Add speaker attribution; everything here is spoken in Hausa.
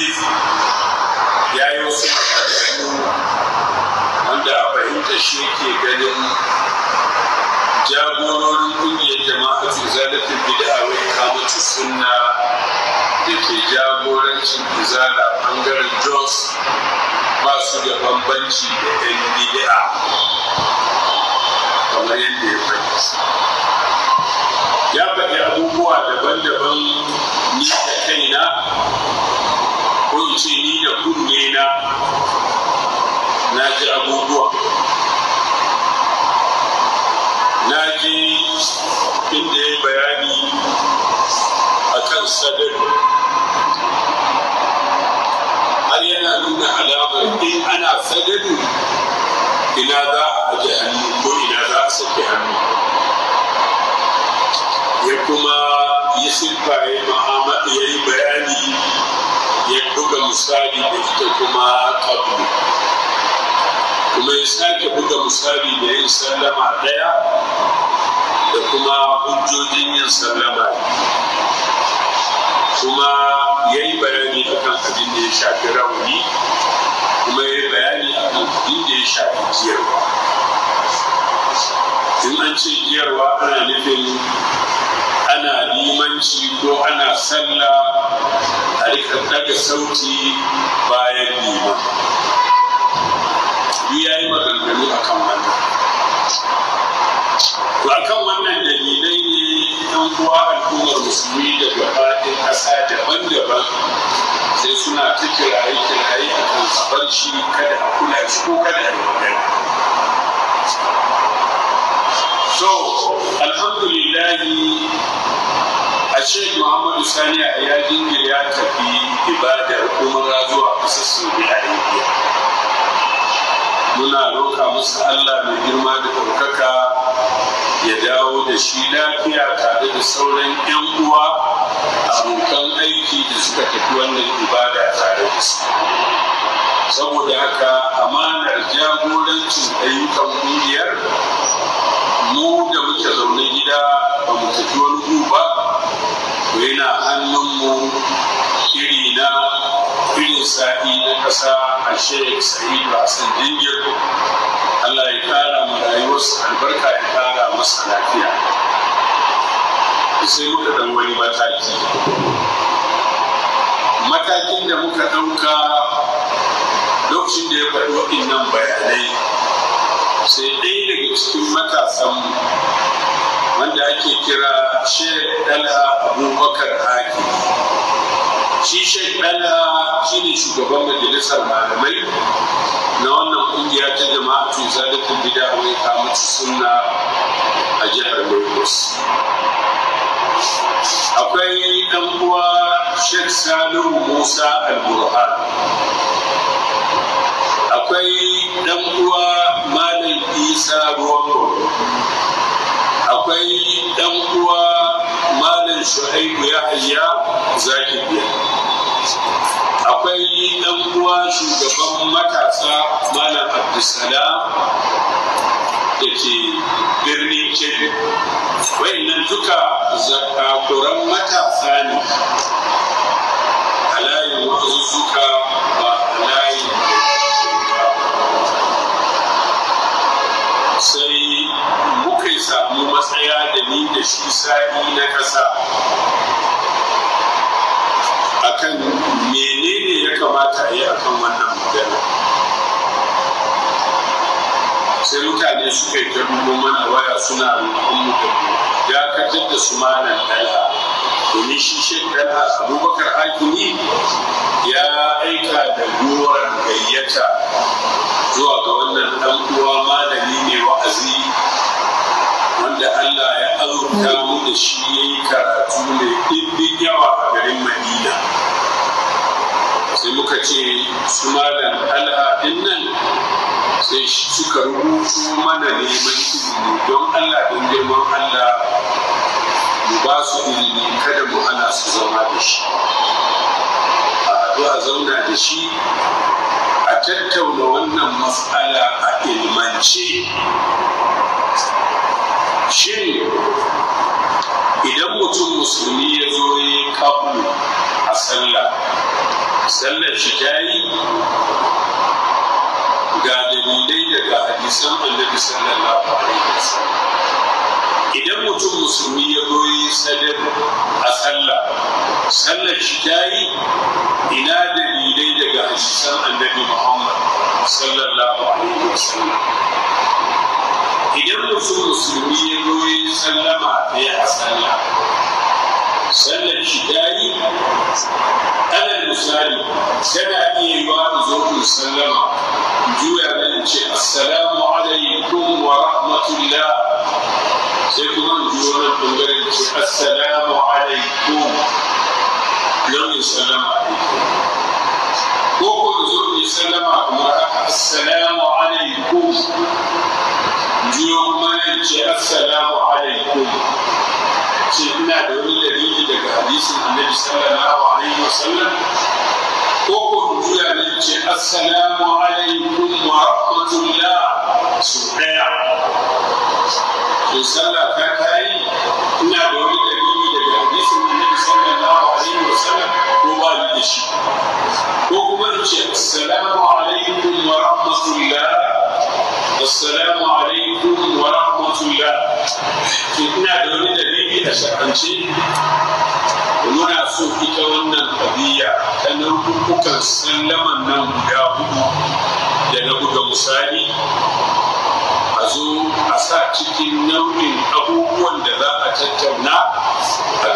Speaker 1: hadith ya yi wasu maganganu wanda a fahimta shi ke ganin jagororin kungiyar jama'atu zalatin bid'a wa ikamatu sunna da ke jagorancin izala bangaren jos ba su da bambanci da yan bid'a kamar yadda ya fahimci ya faɗi abubuwa daban-daban ni da kaina ko ni da kunne na na ji abubuwa na ji inda ya bayani a kan sadar har yana nuna alamar in ana sadar ina za misali da ita kuma kablu kuma ya sake buga misali da yin sallama ɗaya da kuma hujjojin yin sallama kuma ya yi bayani kan abin da ya shafi rauni kuma ya yi bayani kan abin da ya shafi jiyarwa in an ce jiyarwa ana nufin ana limanci da sauti bayan nema. Ni ya yi maganganu a kan wannan to a kan wannan dalilai ne yan kuwa al'ummar musulmi da gabaɗin ƙasa daban-daban sai suna ta kiraye-kiraye a kan shi kada a kula shi ko kada a yi so alhamdulillahi a muhammadu sani a yajin ya tafi ibadar umara zuwa kusa a arabia muna roka musu allah mai girma da ɗaukaka ya dawo da shi lafiya tare da sauran 'yan uwa abokan aiki da suka tafi wannan ibada tare da su saboda haka amanar jagorancin ayyukan ƙungiyar mu yana hannunmu iri na irin sa'i na ƙasa a sheik sa'idu hassan dingir allah ya kara mu rayuwarsa albarka ya kara masa lafiya sai muka ɗan wani mataki matakin da muka ɗauka lokacin da ya faɗi waɗannan bayanai sai ɗaya daga cikin matasanmu wanda ake kira Sheikh ɗala Abubakar Haki. Shi Sheikh dala shi ne shugaban majalisar malamai na wannan kungiya ta jama'a tun zalikin bida wai kamata suna a jihar Lagos. Akwai dan uwa Sheikh Salihu Musa Al-Burhan. Akwai dan uwa Malam Isa Ruwa akwai ɗan uwa malam shu'aibu ya hayya zaki biya akwai ɗan uwa shugaban matasa malam abdulsalam da ke birnin Wai wayannan duka zakakuran matasa ne a layin wazuzzuka ba a sai muka samu Tsaya da ni da shi sa'i na kasa akan menene ya kamata a yi akan wannan magana sai mutane suka yi ta dubu mana waya suna roƙon mu da ya kajar da su manan dala domin shi shekara abubakar hakimi ya aika da gora da shi ya yi karatu mai ɗimbin yawa a garin madina sai muka ce su malam al'adun nan sai suka rubutu mana neman ilimi don allah don girman allah mu ba su ilimi kada mu ana su zama da shi a zauna da shi a tattauna wannan matsala a ilmance. shin idan mutum musulmi ya zo ya yi kabu a sallah sallar shi ta yi ga dalilai daga hadisan annabi sallallahu alaihi wasallam idan mutum musulmi ya zo yi sadar a sallah sallar shi ta yi ina dalilai daga hadisan annabi muhammad sallallahu alaihi wasallam idan mutum musulmi ya zo yi sallama ɗaya a sallah sallar shi ta yi alal misali tana iya yi wa zo sallama juya nan ce assalamu alaikum wa rahmatullah يكون يقول السلام عليكم لم يسلم عليكم السلام عليكم يوم ما السلام عليكم سيدنا دولي الذي daga to sallah ta kayi ina da wani dalili daga hadisin annabi sallallahu alaihi wasallam ko ba ni da shi ko kuma in ce assalamu alaikum wa rahmatullah assalamu alaikum wa rahmatullah to ina da wani dalili a shakance muna so ita wannan kadiya ta nau'ukan sallaman nan guda hudu da na buga misali a zo a sa cikin nau'in abubuwan da za a tattauna a